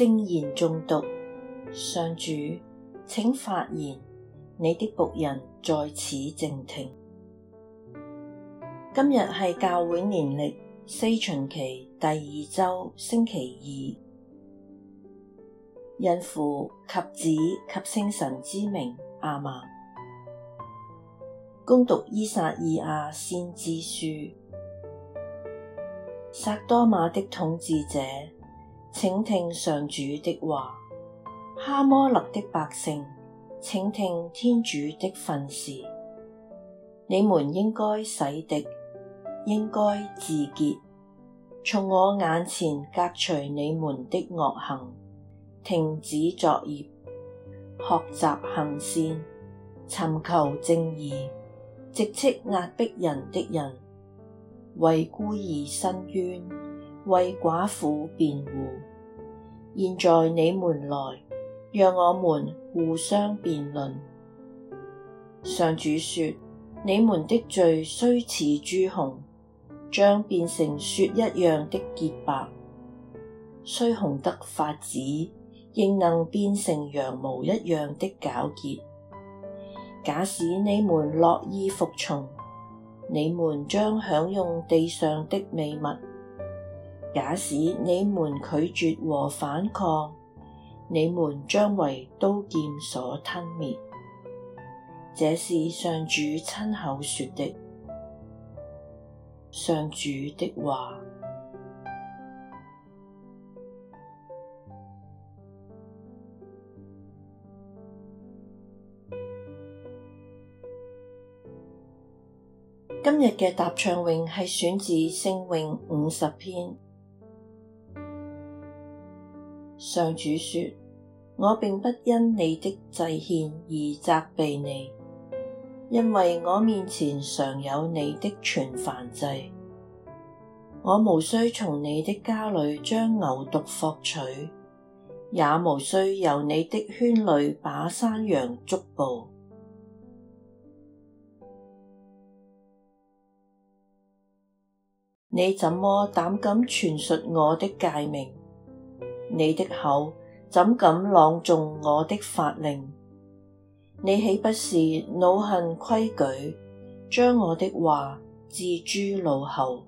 聖言中毒，上主，請發言，你的僕人在此靜聽。今日係教會年曆西秦期第二周星期二，印父及子及星神之名阿嫲，攻讀伊撒意亞先知書，撒多瑪的統治者。請聽上主的話，哈摩辣的百姓，請聽天主的訓示。你們應該洗滌，應該自潔，從我眼前革除你們的惡行，停止作孽，學習行善，尋求正義，直斥壓迫人的人，為孤兒伸冤，為寡婦辯護。現在你們來，讓我們互相辯論。上主說：你們的罪雖似朱紅，將變成雪一樣的潔白；雖紅得發紫，仍能變成羊毛一樣的皎潔。假使你們樂意服從，你們將享用地上的美物。假使你們拒絕和反抗，你們將為刀劍所吞滅。這是上主親口說的。上主的話。今日嘅答唱詠係選自聖詠五十篇。上主說：我並不因你的祭獻而責備你，因為我面前常有你的全燔祭。我無須從你的家裡將牛犢攫取，也無須由你的圈裡把山羊捉捕。你怎麼膽敢傳述我的誡命？你的口怎敢朗誦我的法令？你豈不是惱恨規矩，將我的話置諸腦後？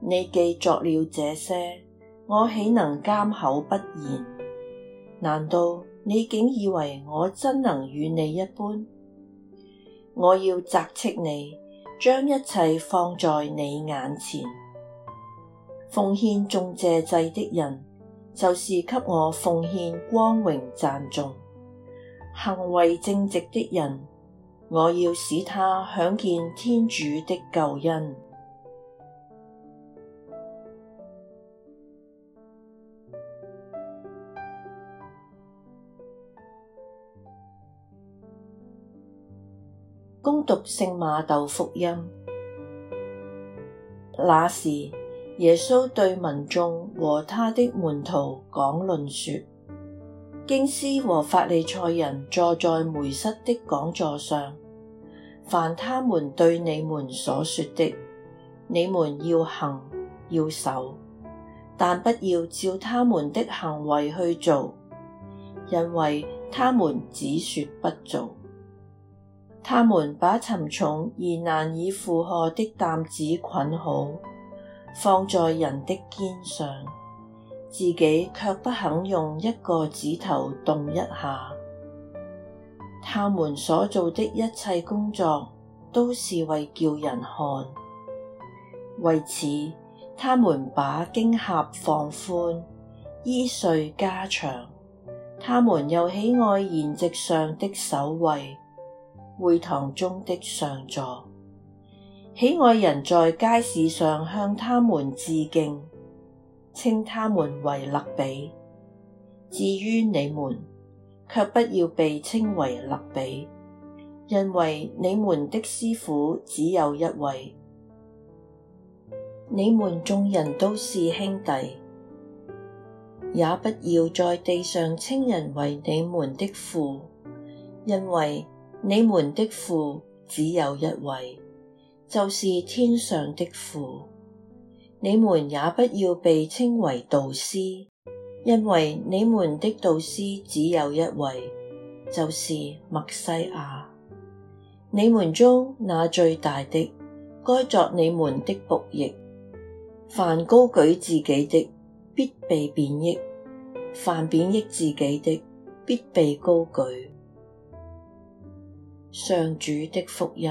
你既作了這些，我豈能緘口不言？難道你竟以為我真能與你一般？我要責斥你。將一切放在你眼前，奉獻頌謝祭的人，就是給我奉獻光榮讚頌；行為正直的人，我要使他享見天主的救恩。恭讀聖瑪竇福音。那時，耶穌對民眾和他的門徒講論說：經師和法利塞人坐在梅瑟的講座上，凡他們對你們所說的，你們要行要守，但不要照他們的行為去做，因為他們只說不做。他們把沉重而難以負荷的擔子捆好，放在人的肩上，自己卻不肯用一個指頭動一下。他們所做的一切工作，都是為叫人看。為此，他們把經匣放寬，衣繸加長。他們又喜愛筵席上的首位，會堂中的上座，喜愛人在街市上向他們致敬，稱他們為辣彼。至於你們，卻不要被稱為辣彼，因為你們的師傅只有一位。你們眾人都是兄弟，也不要在地上稱人為你們的父，因為，你們的父只有一位，就是天上的父。你們也不要被稱為導師，因為你們的導師只有一位，就是默西亞。你們中那最大的，該作你們的僕役。凡高舉自己的，必被貶抑；凡貶抑自己的，必被高舉。上主的福音。